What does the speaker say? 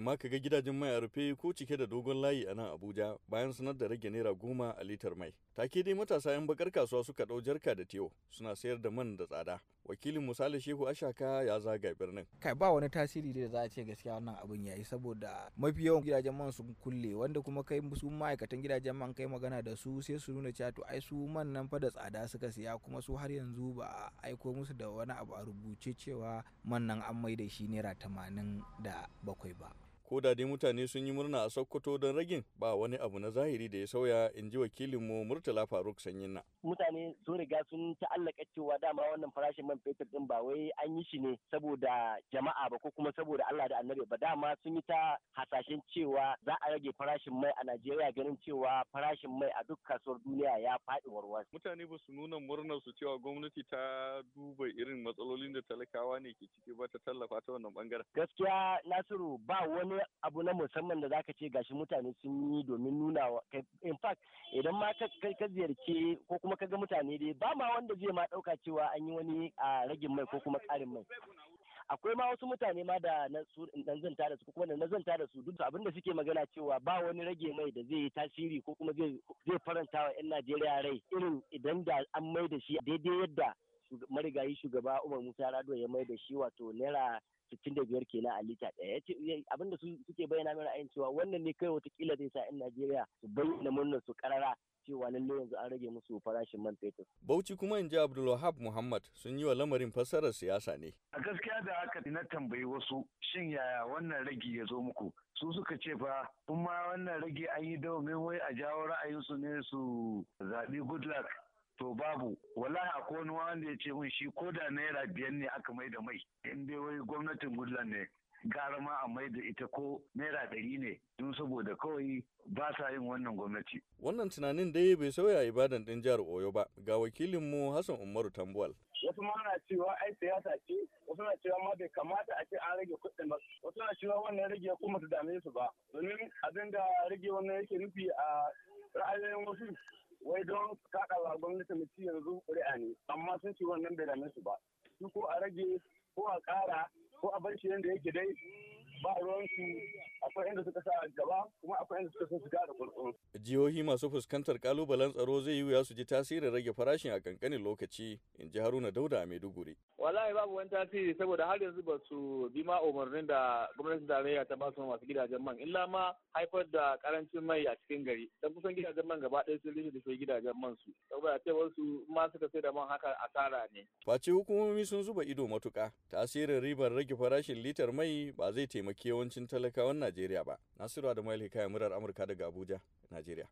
in ma kaga gidajen mai a rufe ko cike da dogon layi a nan Abuja bayan sanar da rage naira goma a litar mai. Take dai matasa 'yan bakar kasuwa suka dau jarka da tiyo suna sayar da man da tsada. Wakilin misali Shehu Ashaka ya zaga birnin. Kai ba wani tasiri da za a ce gaskiya wannan abin yayi saboda mafi yawan gidajen man sun kulle wanda kuma kai su ma'aikatan gidajen man kai magana da su sai su nuna cewa to ai su man nan fa da tsada suka siya kuma su har yanzu ba a aiko musu da wani abu a rubuce cewa man nan an mai da shi naira tamanin da bakwai ba. ko da dai mutane sun yi murna a Sokoto don ragin ba wani abu na zahiri da ya sauya in ji wakilinmu Murtala Faruk sanyin Sanyinna. mutane sun riga sun ta'allaka cewa dama wannan farashin man fetur din ba wai an yi shi ne saboda jama'a ba ko kuma saboda Allah da annabi ba dama sun yi ta hasashen cewa za a rage farashin mai a Najeriya ganin cewa farashin mai a duk kasuwar duniya ya faɗi warwas. Mutane ba su nuna murnar su cewa gwamnati ta duba irin matsalolin da talakawa ne ke ciki ba ta tallafa ta wannan bangaren. Gaskiya Nasiru ba wani abu na musamman da zaka ce gashi mutane sun yi domin nuna in fact idan ma ka ziyarci ko kuma kuma kaga mutane dai ba ma wanda zai ma ɗauka cewa an yi wani a ragin mai ko kuma ƙarin mai akwai ma wasu mutane ma da na zanta da su kuma da na zanta da su duk da abin da suke magana cewa ba wani rage mai da zai yi tasiri ko kuma zai faranta wa 'yan Najeriya rai irin idan da an mai da shi daidai yadda marigayi shugaba Umar Musa rado ya mai da shi wato naira sittin da biyar kenan a lita ɗaya abinda suke bayyana mai ra'ayin cewa wannan ne kai watakila zai sa 'yan Najeriya su bayyana murnar su karara cewa lallai yanzu an rage musu farashin man fetur. Bauchi kuma in ji Abdulwahab Muhammad sun yi wa lamarin fassarar siyasa ne. A gaskiya da haka na tambayi wasu shin yaya wannan ragi ya zo muku? Su suka ce fa kuma wannan rage an yi domin wai a jawo ra'ayinsu ne su zaɓi Goodluck to babu wallahi akwai wani wanda ya ce mun shi ko da naira biyar ne aka mai da mai in dai wai gwamnatin gullan ne gara ma a mai da ita ko naira ɗari ne don saboda kawai ba sa yin wannan gwamnati. Wannan tunanin dai bai sauya ibadan ɗin jihar Oyo ba ga wakilinmu Hassan Umaru Tambuwal. Wasu ma na cewa ai siyasa ce, wasu na cewa ma bai kamata a ce an rage kuɗin ba, wasu na cewa wannan rage kuma su dame su ba, domin abinda da rage wannan yake nufi a ra'ayoyin wasu wai don kaɗa wa gwamnati mutum yanzu ƙuri'a ne amma sun ce wannan bai dame su ba su ko a rage ko a ƙara ko a bar shi yadda yake dai ba ruwansu akwai inda suka sa gaba kuma akwai inda suka sun shiga da kurkuru. Jihohi masu fuskantar kalubalen tsaro zai yi wuya su ji tasirin rage farashin a kankanin lokaci in ji Haruna Dauda a Maiduguri. Wallahi babu wani tasiri saboda har yanzu ba su bi ma umarnin da gwamnatin tarayya ta ba su masu gidajen man illa ma haifar da karancin mai a cikin gari don kusan gidajen man gaba ɗaya sun rushe da shi gidajen man su saboda cewar wasu ma suka sai da man haka asara ne. Face hukumomi sun zuba ido matuka tasirin ribar rage farashin litar mai ba zai taimaka makewancin yawancin talakawan Najeriya ba. Nasiru Adamu Alhikaya murar Amurka daga Abuja, Najeriya.